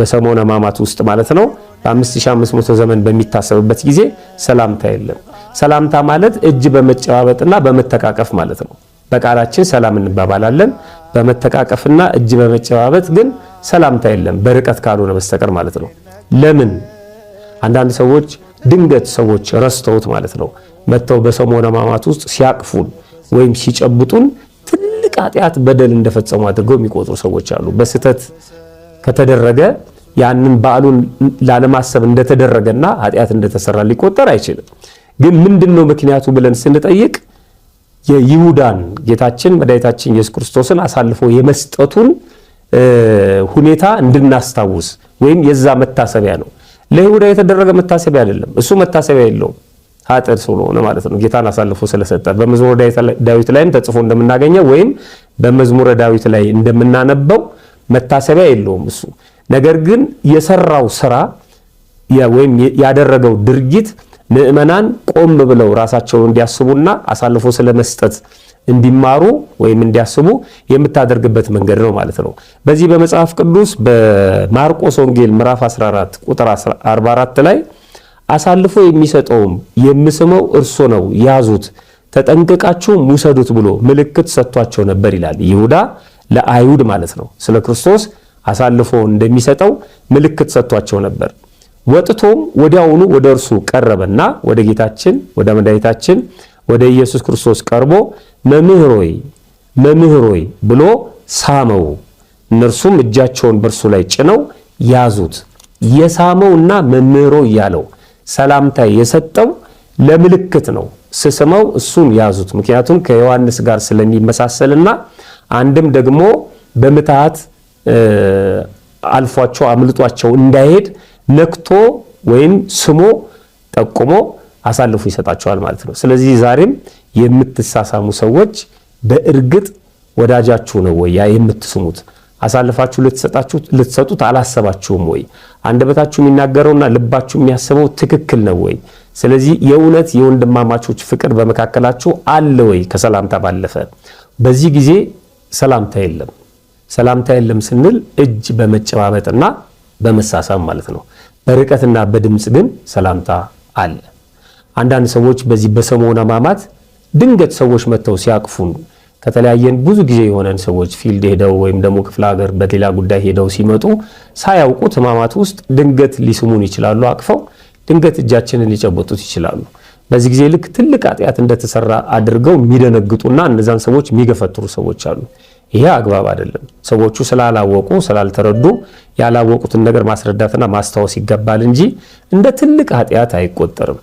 በሰሞነ ሕማማት ውስጥ ማለት ነው። በ5500 ዘመን በሚታሰብበት ጊዜ ሰላምታ የለም። ሰላምታ ማለት እጅ በመጨባበጥና በመተቃቀፍ ማለት ነው። በቃላችን ሰላም እንባባላለን። በመተቃቀፍና እጅ በመጨባበጥ ግን ሰላምታ የለም፣ በርቀት ካልሆነ በስተቀር ማለት ነው። ለምን አንዳንድ ሰዎች ድንገት ሰዎች ረስተውት ማለት ነው መጥተው በሰሞነ ሕማማት ውስጥ ሲያቅፉን ወይም ሲጨብጡን ትልቅ ኃጢአት በደል እንደፈጸሙ አድርገው የሚቆጥሩ ሰዎች አሉ። በስህተት ከተደረገ ያንን በዓሉን ላለማሰብ እንደተደረገና ኃጢአት እንደተሰራ ሊቆጠር አይችልም። ግን ምንድን ነው ምክንያቱ ብለን ስንጠይቅ የይሁዳን ጌታችን መድኃኒታችን ኢየሱስ ክርስቶስን አሳልፎ የመስጠቱን ሁኔታ እንድናስታውስ ወይም የዛ መታሰቢያ ነው። ለይሁዳ የተደረገ መታሰቢያ አይደለም። እሱ መታሰቢያ የለውም ኃጥእ ስለሆነ ማለት ነው። ጌታን አሳልፎ ስለሰጠ በመዝሙረ ዳዊት ላይም ተጽፎ እንደምናገኘው ወይም በመዝሙረ ዳዊት ላይ እንደምናነበው መታሰቢያ የለውም እሱ ነገር ግን የሰራው ስራ ወይም ያደረገው ድርጊት ምዕመናን ቆም ብለው ራሳቸውን እንዲያስቡና አሳልፎ ስለመስጠት እንዲማሩ ወይም እንዲያስቡ የምታደርግበት መንገድ ነው ማለት ነው። በዚህ በመጽሐፍ ቅዱስ በማርቆስ ወንጌል ምዕራፍ 14 ቁጥር 44 ላይ አሳልፎ የሚሰጠውም የምስመው እርሱ ነው፣ ያዙት፣ ተጠንቅቃችሁ ውሰዱት ብሎ ምልክት ሰጥቷቸው ነበር ይላል። ይሁዳ ለአይሁድ ማለት ነው ስለ ክርስቶስ አሳልፎ እንደሚሰጠው ምልክት ሰጥቷቸው ነበር። ወጥቶም ወዲያውኑ ወደ እርሱ ቀረበና ወደ ጌታችን ወደ መድኃኒታችን ወደ ኢየሱስ ክርስቶስ ቀርቦ መምህሮይ መምህሮይ ብሎ ሳመው። እነርሱም እጃቸውን በእርሱ ላይ ጭነው ያዙት። የሳመውና መምህሮ እያለው ሰላምታ የሰጠው ለምልክት ነው። ስስመው እሱን ያዙት። ምክንያቱም ከዮሐንስ ጋር ስለሚመሳሰልና አንድም ደግሞ በምትሃት አልፏቸው አምልጧቸው እንዳይሄድ ነክቶ ወይም ስሞ ጠቁሞ አሳልፎ ይሰጣቸዋል ማለት ነው። ስለዚህ ዛሬም የምትሳሳሙ ሰዎች በእርግጥ ወዳጃችሁ ነው ወይ ያ የምትስሙት? አሳልፋችሁ ልትሰጡት አላሰባችሁም ወይ? አንደበታችሁ የሚናገረውና ልባችሁ የሚያስበው ትክክል ነው ወይ? ስለዚህ የእውነት የወንድማማቾች ፍቅር በመካከላችሁ አለ ወይ? ከሰላምታ ባለፈ በዚህ ጊዜ ሰላምታ የለም። ሰላምታ የለም ስንል እጅ በመጨባበጥና በመሳሳም ማለት ነው። በርቀትና በድምፅ ግን ሰላምታ አለ። አንዳንድ ሰዎች በዚህ በሰሞነ ሕማማት ድንገት ሰዎች መጥተው ሲያቅፉን ከተለያየን ብዙ ጊዜ የሆነን ሰዎች ፊልድ ሄደው ወይም ደግሞ ክፍለ ሀገር በሌላ ጉዳይ ሄደው ሲመጡ ሳያውቁት ሕማማት ውስጥ ድንገት ሊስሙን ይችላሉ። አቅፈው ድንገት እጃችንን ሊጨበጡት ይችላሉ። በዚህ ጊዜ ልክ ትልቅ ኃጢአት እንደተሰራ አድርገው የሚደነግጡና እነዛን ሰዎች የሚገፈትሩ ሰዎች አሉ። ይሄ አግባብ አይደለም። ሰዎቹ ስላላወቁ ስላልተረዱ ያላወቁትን ነገር ማስረዳትና ማስታወስ ይገባል እንጂ እንደ ትልቅ ኃጢአት አይቆጠርም።